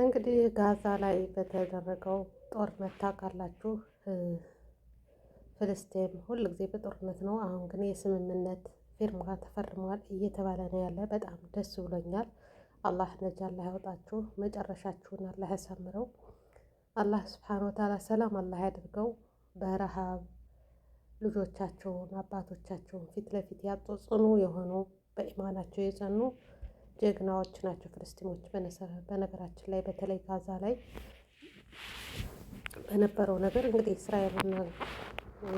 እንግዲህ ጋዛ ላይ በተደረገው ጦርነት ታውቃላችሁ፣ ፍልስጤም ሁል ጊዜ በጦርነት ነው። አሁን ግን የስምምነት ፊርማ ተፈርሟል እየተባለ ነው ያለ። በጣም ደስ ብሎኛል። አላህ ነጃ፣ አላህ ያወጣችሁ፣ መጨረሻችሁን አላህ ያሳምረው። አላህ ስብሓን ወታላ ሰላም አላህ ያድርገው። በረሃብ ልጆቻቸውን አባቶቻቸውን ፊት ለፊት ያጡ ጽኑ የሆኑ በኢማናቸው የጸኑ ጀግናዎች ናቸው ፍልስጤሞች። በነገራችን ላይ በተለይ ጋዛ ላይ በነበረው ነገር እንግዲህ እስራኤልና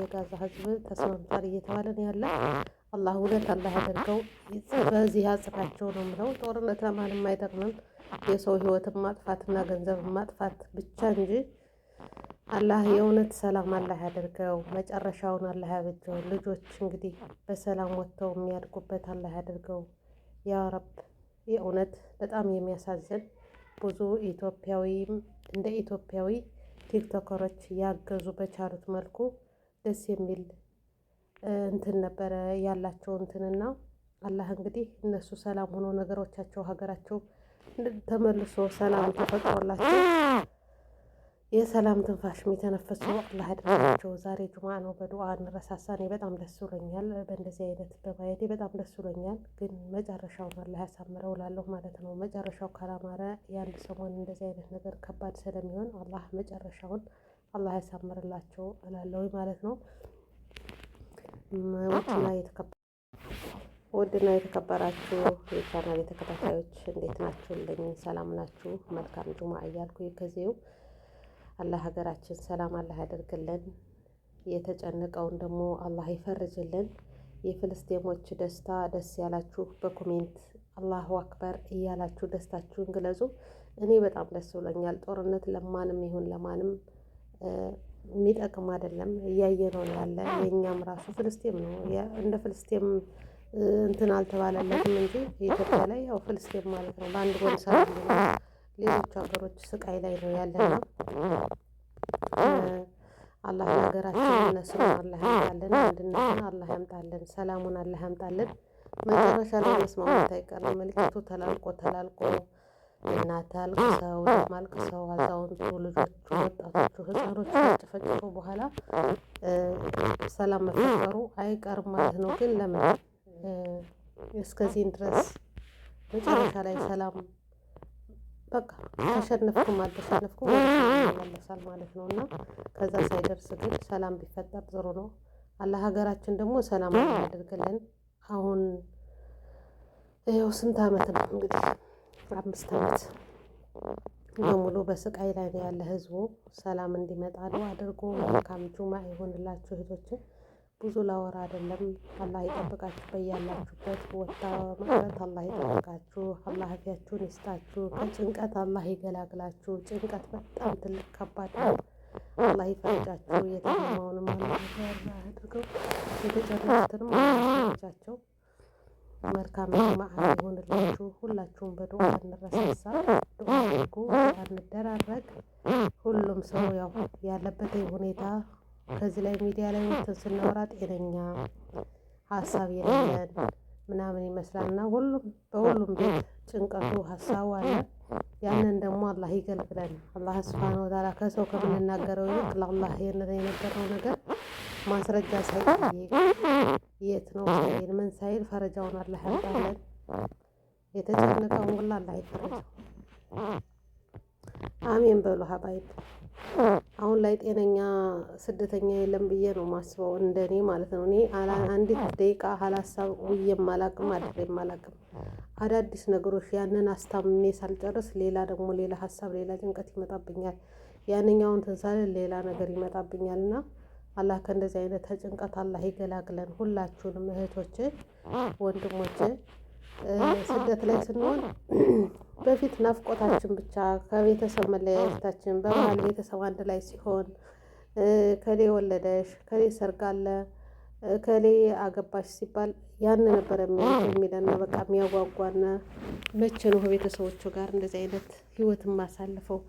የጋዛ ህዝብ ተስማምቷል እየተባለ ነው ያለ። አላህ እውነት አላህ ያደርገው በዚህ ያጽናቸው ነው የምለው። ጦርነት ለማንም አይጠቅምም። የሰው ህይወትን ማጥፋትና ገንዘብ ማጥፋት ብቻ እንጂ አላህ የእውነት ሰላም አላህ ያደርገው፣ መጨረሻውን አላህ ያበጀው። ልጆች እንግዲህ በሰላም ወጥተው የሚያድጉበት አላህ ያደርገው ያ ረብ። የእውነት በጣም የሚያሳዝን ብዙ ኢትዮጵያዊም እንደ ኢትዮጵያዊ ቲክቶከሮች ያገዙ በቻሉት መልኩ ደስ የሚል እንትን ነበረ ያላቸው እንትንና አላህ እንግዲህ እነሱ ሰላም ሆኖ ነገሮቻቸው ሀገራቸው ተመልሶ ሰላም ተፈጥሮላቸው የሰላም ትንፋሽ የተነፈሱ አላህ ያድርጋቸው። ዛሬ ጁማ ነው፣ በዱዓ እንረሳሳ። እኔ በጣም ደስ ብሎኛል በእንደዚህ አይነት በማየቴ በጣም ደስ ብሎኛል። ግን መጨረሻውን አላህ ያሳምረው ላለሁ ማለት ነው። መጨረሻው ካላማረ የአንድ ሰሞን እንደዚህ አይነት ነገር ከባድ ስለሚሆን አላህ መጨረሻውን አላህ ያሳምርላቸው እላለሁ ማለት ነው። ውድና የተከበ የተከበራችሁ የቻናል የተከታታዮች እንዴት ናችሁ? እንደምን ሰላም ናችሁ? መልካም ጁማ እያልኩ ከዚው አላህ ሀገራችን ሰላም አላህ ያደርግልን። የተጨነቀውን ደግሞ አላህ ይፈርጅልን። የፍልስጤሞች ደስታ ደስ ያላችሁ በኮሜንት አላሁ አክበር እያላችሁ ደስታችሁን ግለጹ። እኔ በጣም ደስ ብሎኛል። ጦርነት ለማንም ይሁን ለማንም የሚጠቅም አይደለም። እያየነው ያለ የእኛም ራሱ ፍልስጤም ነው እንደ ፍልስጤም እንትን አልተባለለትም እንጂ ኢትዮጵያ ላይ ያው ፍልስጤም ማለት ነው በአንድ ጎን ሌሎች ሀገሮች ስቃይ ላይ ነው ያለ ነው። አላህ ሀገራችን ነስሩን አላህ ያምጣልን፣ አንድነትን አላህ ያምጣልን፣ ሰላሙን አላህ ያምጣልን። መጨረሻ ላይ መስማማት አይቀርም። መልክቱ ተላልቆ ተላልቆ እናት አልቅሰው ማልቅሰው አዛውንቱ፣ ልጆቹ፣ ወጣቶቹ፣ ህፃኖቹ ተጨፈጭፎ በኋላ ሰላም መፈጠሩ አይቀርም ማለት ነው። ግን ለምን እስከዚህን ድረስ መጨረሻ ላይ ሰላም በቃ ተሸነፍኩ አልተሸነፍኩ ይመለሳል ማለት ነው። እና ከዛ ሳይደርስ ግን ሰላም ቢፈጠር ጥሩ ነው። አለ ሀገራችን ደግሞ ሰላም ያደርግልን። አሁን ይኸው ስንት አመት ነው እንግዲህ አምስት አመት በሙሉ በስቃይ ላይ ያለ ህዝቡ ሰላም እንዲመጣ ነው አድርጎ መልካም ጁማ ይሆንላችሁ እህቶችን ብዙ ላወራ አይደለም። አላህ ይጠብቃችሁ። በያላችሁበት ወታ ማለት አላህ ይጠብቃችሁ። አላህ አፊያችሁን ይስጣችሁ። ከጭንቀት አላህ ይገላግላችሁ። ጭንቀት በጣም ትልቅ ከባድ ነው። አላህ ይፈርጃችሁ። የተሰማውንም አላህ አድርገው የተጨረሱትን አላቸው። መልካም ማዓት ይሆንላችሁ። ሁላችሁም በዱዓ እንረሳሳ፣ ዱዓ አድርጉ፣ እንደራረግ። ሁሉም ሰው ያው ያለበት ሁኔታ በዚህ ላይ ሚዲያ ላይ ወጥተን ስናወራ ጤነኛ ሀሳብ የለን ምናምን ይመስላል ሁሉም በሁሉም ቤት ጭንቀቱ ሀሳቡ አለ። ያንን ደግሞ አላህ ይገልግለን። አላህ ስብሓን ወተዓላ ከሰው ከምንናገረው ይልቅ ለአላህ የነገረው ነገር ማስረጃ ሳይጠይቅ የት ነው ሳይል ምን ሳይል ፈረጃውን አላህ ያውጣለን። የተጨነቀውን ሁላ አላህ ይፈረጃው። አሜን በሉ ሀባይብ አሁን ላይ ጤነኛ ስደተኛ የለም ብዬ ነው ማስበው እንደኔ ማለት ነው። እኔ አንዲት ደቂቃ ሀላሳብ ውዬም አላቅም አድሬም አላቅም። አዳዲስ ነገሮች ያንን አስታምሜ ሳልጨርስ ሌላ ደግሞ ሌላ ሀሳብ፣ ሌላ ጭንቀት ይመጣብኛል። ያንኛውን ትንሳሌ ሌላ ነገር ይመጣብኛል እና አላህ ከእንደዚህ አይነት ተጭንቀት አላህ ይገላግለን ሁላችሁንም እህቶቼ፣ ወንድሞቼ ስደት ላይ ስንሆን በፊት ናፍቆታችን ብቻ ከቤተሰብ መለያየታችን በመሀል ቤተሰብ አንድ ላይ ሲሆን ከሌ ወለደሽ፣ ከሌ ሰርግ አለ፣ ከሌ አገባሽ ሲባል ያን ነበረ የሚለና በቃ የሚያጓጓነ መቼ ነው ቤተሰቦቹ ጋር እንደዚህ አይነት ህይወት የማሳልፈው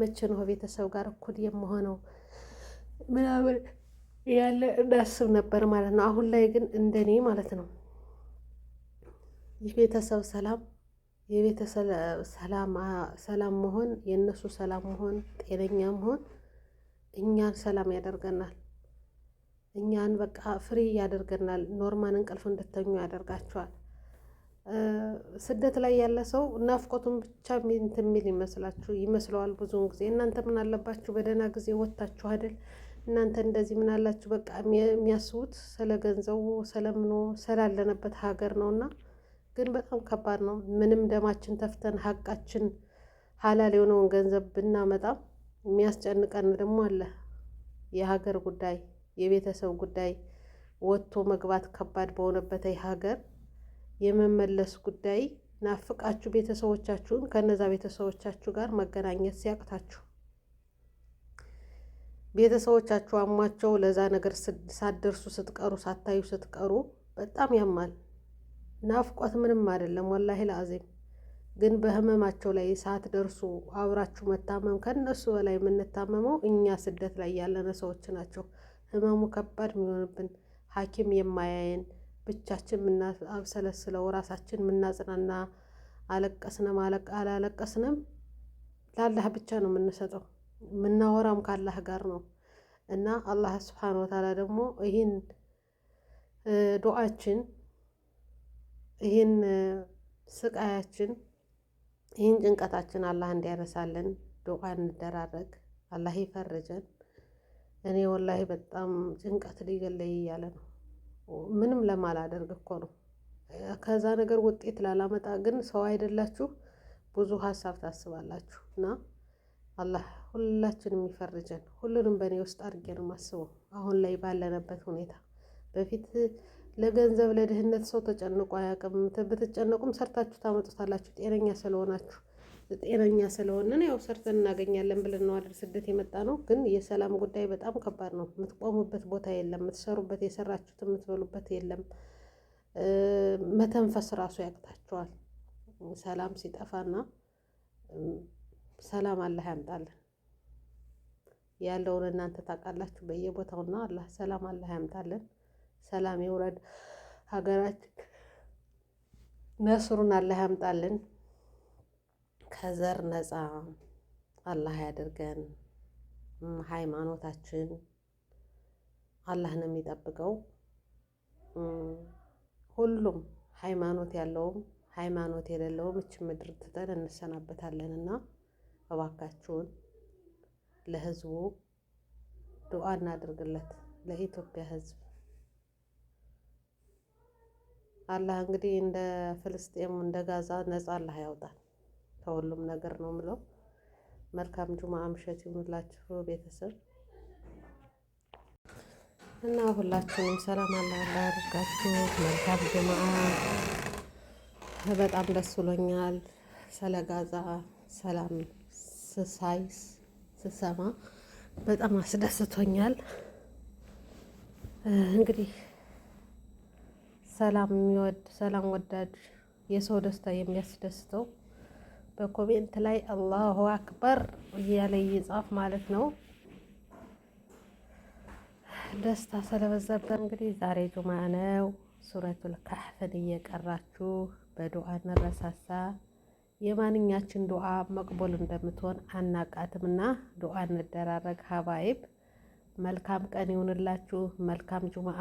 መቼ ነው ቤተሰብ ጋር እኩል የመሆነው ምናምን ያለ እንዳስብ ነበር ማለት ነው። አሁን ላይ ግን እንደኔ ማለት ነው ይህ ቤተሰብ ሰላም የቤተሰብ ሰላም መሆን የእነሱ ሰላም መሆን ጤነኛ መሆን እኛን ሰላም ያደርገናል። እኛን በቃ ፍሪ ያደርገናል። ኖርማን እንቅልፍ እንድተኙ ያደርጋቸዋል። ስደት ላይ ያለ ሰው ናፍቆቱን ብቻ እንትን የሚል ይመስላችሁ ይመስለዋል ብዙውን ጊዜ። እናንተ ምን አለባችሁ በደህና ጊዜ ወጥታችሁ አይደል? እናንተ እንደዚህ ምን አላችሁ? በቃ የሚያስቡት ስለ ገንዘቡ ስለምኖ ስላለነበት ሀገር ነውና ግን በጣም ከባድ ነው። ምንም ደማችን ተፍተን ሀቃችን ሀላል የሆነውን ገንዘብ ብናመጣ የሚያስጨንቀን ደግሞ አለ። የሀገር ጉዳይ፣ የቤተሰብ ጉዳይ፣ ወጥቶ መግባት ከባድ በሆነበት ሀገር የመመለስ ጉዳይ ናፍቃችሁ ቤተሰቦቻችሁን ከነዛ ቤተሰቦቻችሁ ጋር መገናኘት ሲያቅታችሁ ቤተሰቦቻችሁ አሟቸው ለዛ ነገር ሳትደርሱ ስትቀሩ ሳታዩ ስትቀሩ በጣም ያማል። ናፍቆት ምንም አይደለም፣ ወላሂ ለአዜም ግን በህመማቸው ላይ ደርሶ አብራችሁ መታመም ከነሱ በላይ የምንታመመው እኛ ስደት ላይ ያለነ ሰዎች ናቸው። ህመሙ ከባድ የሚሆንብን ሐኪም የማያየን ብቻችን ምናብሰለስለው ራሳችን ምናጽናና አለቀስንም አላለቀስንም ለአላህ ብቻ ነው የምንሰጠው። የምናወራም ካላህ ጋር ነው እና አላህ ስብሓን ወተዓላ ደግሞ ይህን ዱዓችን ይህን ስቃያችን ይህን ጭንቀታችን አላህ እንዲያነሳልን ዱዓ እንደራረግ። አላህ ይፈርጀን። እኔ ወላሂ በጣም ጭንቀት ሊገለይ እያለ ነው። ምንም ለማላደርግ እኮ ነው። ከዛ ነገር ውጤት ላላመጣ ግን ሰው አይደላችሁ ብዙ ሀሳብ ታስባላችሁ። እና አላህ ሁላችንም ይፈርጀን። ሁሉንም በእኔ ውስጥ አድርጌ ነው የማስበው አሁን ላይ ባለንበት ሁኔታ በፊት ለገንዘብ ለድህነት ሰው ተጨንቆ አያውቅም። ብትጨነቁም ሰርታችሁ ታመጡታላችሁ ጤነኛ ስለሆናችሁ ጤነኛ ስለሆንን ያው ሰርተን እናገኛለን ብለን ነው ስደት የመጣ ነው። ግን የሰላም ጉዳይ በጣም ከባድ ነው። የምትቆሙበት ቦታ የለም፣ የምትሰሩበት የሰራችሁት የምትበሉበት የለም። መተንፈስ ራሱ ያቅታችኋል። ሰላም ሲጠፋና ሰላም አላህ ያምጣልን ያለውን እናንተ ታውቃላችሁ በየቦታውና አላህ ሰላም አላህ ያምጣልን። ሰላም ይውረድ። ሀገራችን ነስሩን አላህ ያምጣልን። ከዘር ነፃ አላህ ያደርገን። ሃይማኖታችን አላህ ነው የሚጠብቀው። ሁሉም ሃይማኖት ያለውም ሃይማኖት የሌለውም እች ምድር ትተን እንሰናበታለን እና እባካችሁን ለህዝቡ ዱዓ እናድርግለት ለኢትዮጵያ ህዝብ አላህ እንግዲህ እንደ ፍልስጤም እንደ ጋዛ ነጻ አላህ ያውጣል ከሁሉም ነገር ነው ምለው። መልካም ጁማ አምሸት ይሁንላችሁ ቤተሰብ እና ሁላችሁም ሰላም አላህ አላህ መልካም ጁማ። በጣም ደስ ብሎኛል ስለ ጋዛ ሰላም ስሳይ ስሰማ በጣም አስደስቶኛል እንግዲህ ሰላም የሚወድ ሰላም ወዳጅ የሰው ደስታ የሚያስደስተው በኮሜንት ላይ አላሁ አክበር እያለ ይጻፍ ማለት ነው። ደስታ ስለበዛበት እንግዲህ ዛሬ ጁማ ነው። ሱረቱል ካህፍን እየቀራችሁ በዱዓ እንረሳሳ። የማንኛችን ዱዓ መቅቦል እንደምትሆን አናቃትምና ዱዓ እንደራረግ። ሀባይብ መልካም ቀን ይሁንላችሁ። መልካም ጁምአ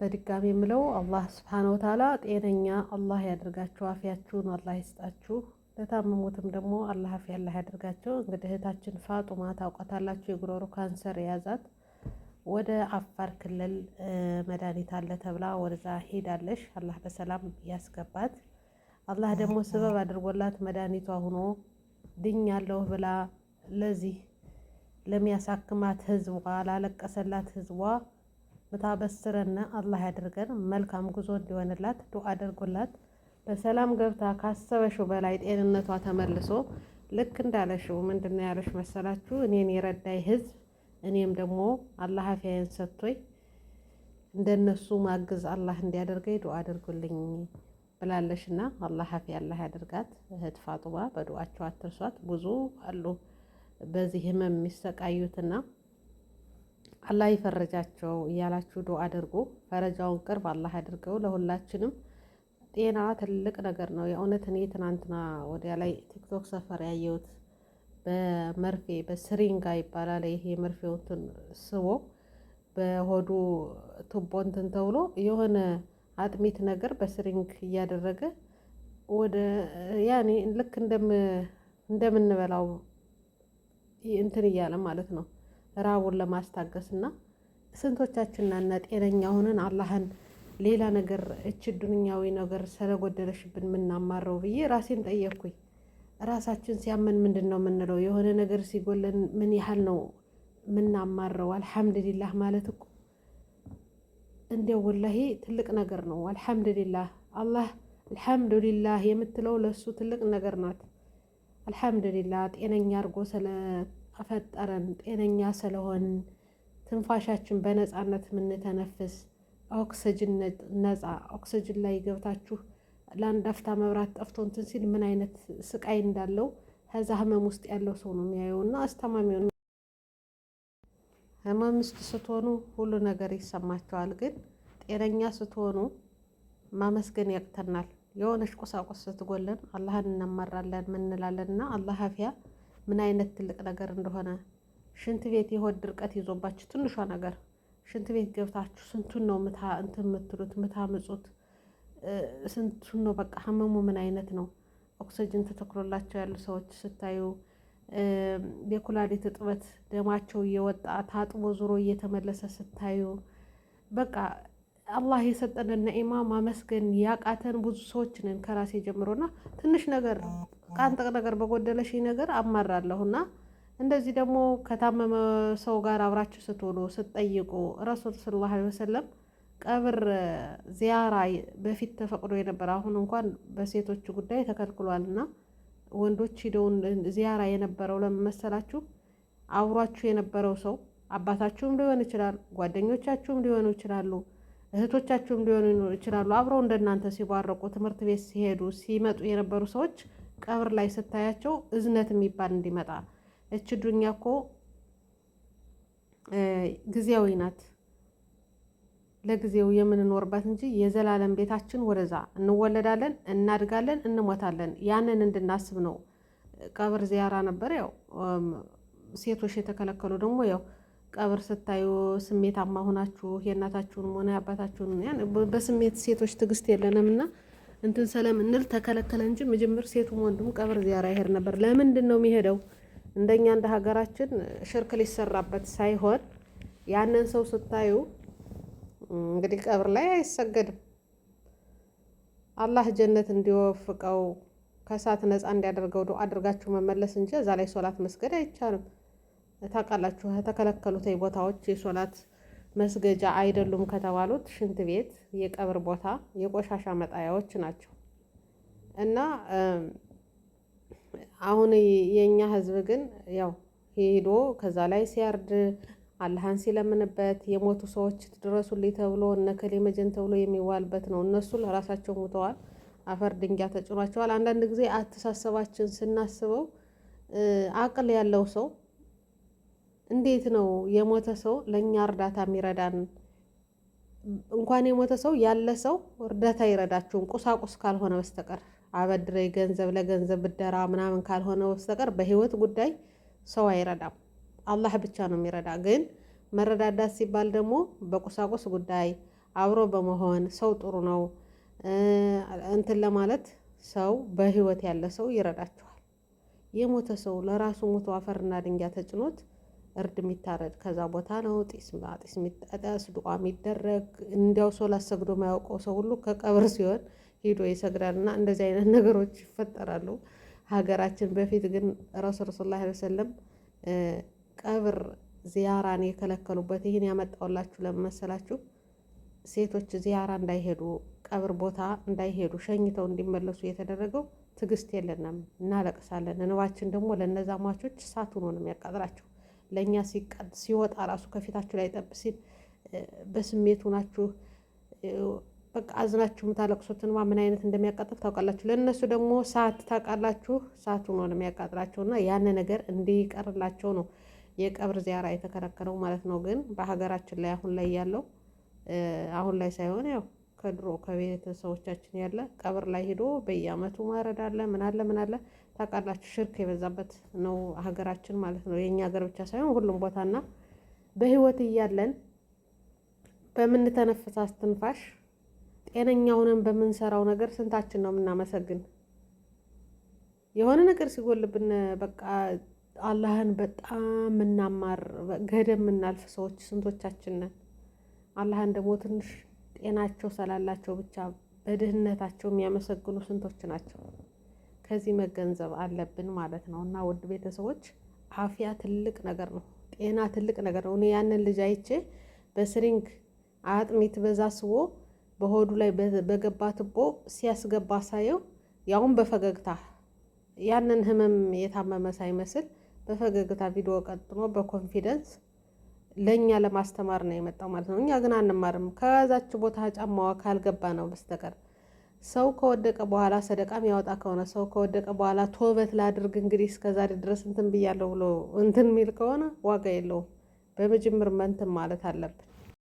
በድጋሚ የምለው አላህ ስብሓነ ወተዓላ ጤነኛ አላህ ያደርጋችሁ፣ አፊያችሁን አላህ ይስጣችሁ። ለታመሙትም ደግሞ አላህ አፊያ አላህ ያደርጋቸው። እንግዲህ እህታችን ፋጡማ ታውቋታላችሁ፣ የጉሮሮ ካንሰር የያዛት ወደ አፋር ክልል መድኃኒት አለ ተብላ ወደዛ ሄዳለሽ። አላህ በሰላም ያስገባት። አላህ ደግሞ ስበብ አድርጎላት መድኃኒቷ ሁኖ ድኛለሁ ብላ ለዚህ ለሚያሳክማት ህዝቧ ላለቀሰላት ህዝቧ ብታበስረና አላህ ያድርገን። መልካም ጉዞ እንዲሆንላት ዱአ አድርጉላት። በሰላም ገብታ ካሰበሽው በላይ ጤንነቷ ተመልሶ ልክ እንዳለሽው ምንድን ነው ያለሽ መሰላችሁ? እኔን የረዳኝ ህዝብ እኔም ደግሞ አላህ አፊያዬን ሰጥቶኝ እንደነሱ ማግዝ አላህ እንዲያደርገኝ ዱአ አድርጉልኝ ብላለሽ እና አላህ አፊ አላህ ያደርጋት። እህት ፋጡማ በዱአቸው አትርሷት። ብዙ አሉ በዚህ ህመም የሚሰቃዩትና አላህ ይፈረጃቸው እያላችሁ ዱአ አድርጉ። ፈረጃውን ቅርብ አላህ አድርገው። ለሁላችንም ጤና ትልቅ ነገር ነው። የእውነት እኔ ትናንትና ወዲያ ላይ ቲክቶክ ሰፈር ያየሁት በመርፌ በስሪንጋ ይባላል ይሄ መርፌው እንትን ስቦ በሆዱ ቱቦ እንትን ተብሎ የሆነ አጥሚት ነገር በስሪንግ እያደረገ ወደ ያኔ ልክ እንደምንበላው እንትን እያለ ማለት ነው ራቡን ለማስታገስ እና ስንቶቻችንና ጤነኛ ሆነን አላህን ሌላ ነገር እች ዱንኛዊ ነገር ስለጎደለሽብን የምናማረው ብዬ ራሴን ጠየቅኩኝ። ራሳችን ሲያመን ምንድን ነው የምንለው? የሆነ ነገር ሲጎለን ምን ያህል ነው የምናማረው? አልሐምድሊላህ ማለት እኮ እንዲያው ወላሂ ትልቅ ነገር ነው። አልሐምድሊላህ አላህ አልሐምዱሊላህ የምትለው ለሱ ትልቅ ነገር ናት። አልሐምድሊላህ ጤነኛ አድርጎ ስለ ፈጠረን፣ ጤነኛ ስለሆንን ትንፋሻችን በነፃነት የምንተነፍስ ኦክስጅን ነፃ ኦክስጅን ላይ ገብታችሁ ለአንድ አፍታ መብራት ጠፍቶ እንትን ሲል ምን አይነት ስቃይ እንዳለው ከዛ ህመም ውስጥ ያለው ሰው ነው የሚያየው። እና አስተማሚ ህመም ውስጥ ስትሆኑ ሁሉ ነገር ይሰማቸዋል። ግን ጤነኛ ስትሆኑ ማመስገን ያቅተናል። የሆነች ቁሳቁስ ስትጎለን አላህን እናማራለን ምንላለን እና አላህ አፊያ ምን አይነት ትልቅ ነገር እንደሆነ ሽንት ቤት የሆድ ድርቀት ይዞባችሁ ትንሿ ነገር ሽንት ቤት ገብታችሁ ስንቱን ነው ምታ እንትን የምትሉት ምታምጹት ስንቱን ነው በቃ ህመሙ ምን አይነት ነው? ኦክሲጅን ተተክሎላቸው ያሉ ሰዎች ስታዩ የኩላሊት እጥበት ደማቸው እየወጣ ታጥቦ ዙሮ እየተመለሰ ስታዩ በቃ አላህ የሰጠንን ነኢማ ማመስገን ያቃተን ብዙ ሰዎች ነን። ከራሴ ጀምሮና ትንሽ ነገር ከአንተ ነገር በጎደለሽ ነገር አማራለሁና እንደዚህ ደግሞ ከታመመ ሰው ጋር አብራችሁ ስትውሉ ስትጠይቁ ረሱል ስለ ላ ወሰለም ቀብር ዚያራ በፊት ተፈቅዶ የነበረ አሁን እንኳን በሴቶቹ ጉዳይ ተከልክሏልና ወንዶች ሂደውን ዚያራ የነበረው ለመመሰላችሁ አብሯችሁ የነበረው ሰው አባታችሁም ሊሆን ይችላል፣ ጓደኞቻችሁም ሊሆኑ ይችላሉ፣ እህቶቻችሁም ሊሆኑ ይችላሉ። አብረው እንደናንተ ሲባረቁ ትምህርት ቤት ሲሄዱ ሲመጡ የነበሩ ሰዎች ቀብር ላይ ስታያቸው እዝነት የሚባል እንዲመጣ እች ዱኛ እኮ ጊዜያዊ ናት። ለጊዜው የምንኖርበት እንጂ የዘላለም ቤታችን ወደዛ እንወለዳለን፣ እናድጋለን፣ እንሞታለን። ያንን እንድናስብ ነው። ቀብር ዚያራ ነበር። ያው ሴቶች የተከለከሉ ደግሞ ያው ቀብር ስታዩ ስሜታማ ሆናችሁ የእናታችሁን ሆነ የአባታችሁን በስሜት ሴቶች ትዕግስት የለንም እና እንትን ስለምንል ተከለከለ እንጂ መጀመር ሴቱም ወንዱም ቀብር ዚያራ ይሄድ ነበር። ለምንድን ነው የሚሄደው? እንደኛ እንደ ሀገራችን ሽርክ ሊሰራበት ሳይሆን ያንን ሰው ስታዩ እንግዲህ ቀብር ላይ አይሰገድም። አላህ ጀነት እንዲወፍቀው ከእሳት ነፃ እንዲያደርገው ዱዓ አድርጋችሁ መመለስ እንጂ እዛ ላይ ሶላት መስገድ አይቻልም። ታውቃላችሁ፣ ከተከለከሉት ቦታዎች የሶላት መስገጃ አይደሉም ከተባሉት ሽንት ቤት፣ የቀብር ቦታ፣ የቆሻሻ መጣያዎች ናቸው እና አሁን የእኛ ህዝብ ግን ያው ሄዶ ከዛ ላይ ሲያርድ አላህን ሲለምንበት የሞቱ ሰዎች ድረሱልኝ ተብሎ እነ ከሌ መጀን ተብሎ የሚዋልበት ነው። እነሱ ለራሳቸው ሙተዋል፣ አፈር ድንጋይ ተጭኗቸዋል። አንዳንድ ጊዜ አተሳሰባችን ስናስበው አቅል ያለው ሰው እንዴት ነው የሞተ ሰው ለእኛ እርዳታ የሚረዳን? እንኳን የሞተ ሰው ያለ ሰው እርዳታ ይረዳችሁን ቁሳቁስ ካልሆነ በስተቀር አበድሬ ገንዘብ ለገንዘብ ብደራ ምናምን ካልሆነ በስተቀር በህይወት ጉዳይ ሰው አይረዳም። አላህ ብቻ ነው የሚረዳ። ግን መረዳዳት ሲባል ደግሞ በቁሳቁስ ጉዳይ አብሮ በመሆን ሰው ጥሩ ነው እንትን ለማለት ሰው በህይወት ያለ ሰው ይረዳችኋል። የሞተ ሰው ለራሱ ሞቶ አፈርና ድንጋይ ተጭኖት እርድ የሚታረድ ከዛ ቦታ ነው። ጢስ ጢስ የሚጠቀስ ዱዓ የሚደረግ እንዲያው ሰው ሰግዶ የማያውቀው ሰው ሁሉ ከቀብር ሲሆን ሂዶ ይሰግዳል። እና እንደዚህ አይነት ነገሮች ይፈጠራሉ። ሀገራችን በፊት ግን ረሱል ስ ላ ሰለም ቀብር ዚያራን የከለከሉበት ይህን ያመጣውላችሁ ለመመሰላችሁ ሴቶች ዚያራ እንዳይሄዱ ቀብር ቦታ እንዳይሄዱ ሸኝተው እንዲመለሱ የተደረገው ትዕግስት የለንም፣ እናለቅሳለን። እንባችን ደግሞ ለእነዛ ሟቾች እሳት ሆኖ ነው የሚያቃጥላቸው። ለእኛ ሲወጣ ራሱ ከፊታችሁ ላይ ጠብ ሲል በስሜቱ ናችሁ በቃ አዝናችሁ የምታለቅሱትንማ ምን አይነት እንደሚያቃጥል ታውቃላችሁ። ለእነሱ ደግሞ ሰዓት ታውቃላችሁ፣ ሰዓቱ ነው የሚያቃጥላቸውና ያን ነገር እንዲቀርላቸው ነው የቀብር ዚያራ የተከለከለው ማለት ነው። ግን በሀገራችን ላይ አሁን ላይ ያለው አሁን ላይ ሳይሆን ያው ከድሮ ከቤተሰቦቻችን ያለ ቀብር ላይ ሄዶ በየአመቱ ማረድ አለ ምን አለ ምን አለ ታውቃላችሁ፣ ሽርክ የበዛበት ነው ሀገራችን ማለት ነው። የእኛ ሀገር ብቻ ሳይሆን ሁሉም ቦታና በህይወት እያለን በምንተነፍስ አስትንፋሽ ጤነኛውንም በምንሰራው ነገር ስንታችን ነው የምናመሰግን? የሆነ ነገር ሲጎልብን በቃ አላህን በጣም የምናማር ገደም የምናልፍ ሰዎች ስንቶቻችን ነን? አላህን ደግሞ ትንሽ ጤናቸው ስላላቸው ብቻ በድህነታቸው የሚያመሰግኑ ስንቶች ናቸው? ከዚህ መገንዘብ አለብን ማለት ነው። እና ውድ ቤተሰቦች አፍያ ትልቅ ነገር ነው። ጤና ትልቅ ነገር ነው። እኔ ያንን ልጅ አይቼ በስሪንግ አጥሚት በዛ ስቦ በሆዱ ላይ በገባ ትቦ ሲያስገባ ሳየው ያውም በፈገግታ ያንን ህመም የታመመ ሳይመስል በፈገግታ ቪዲዮ ቀጥሞ በኮንፊደንስ ለእኛ ለማስተማር ነው የመጣው ማለት ነው። እኛ ግን አንማርም ከዛች ቦታ ጫማዋ ካልገባ ነው በስተቀር ሰው ከወደቀ በኋላ ሰደቃም ያወጣ ከሆነ ሰው ከወደቀ በኋላ ቶበት ላድርግ እንግዲህ እስከዛሬ ድረስ እንትን ብያለሁ ብሎ እንትን የሚል ከሆነ ዋጋ የለውም። በመጀመር መንትን ማለት አለብን።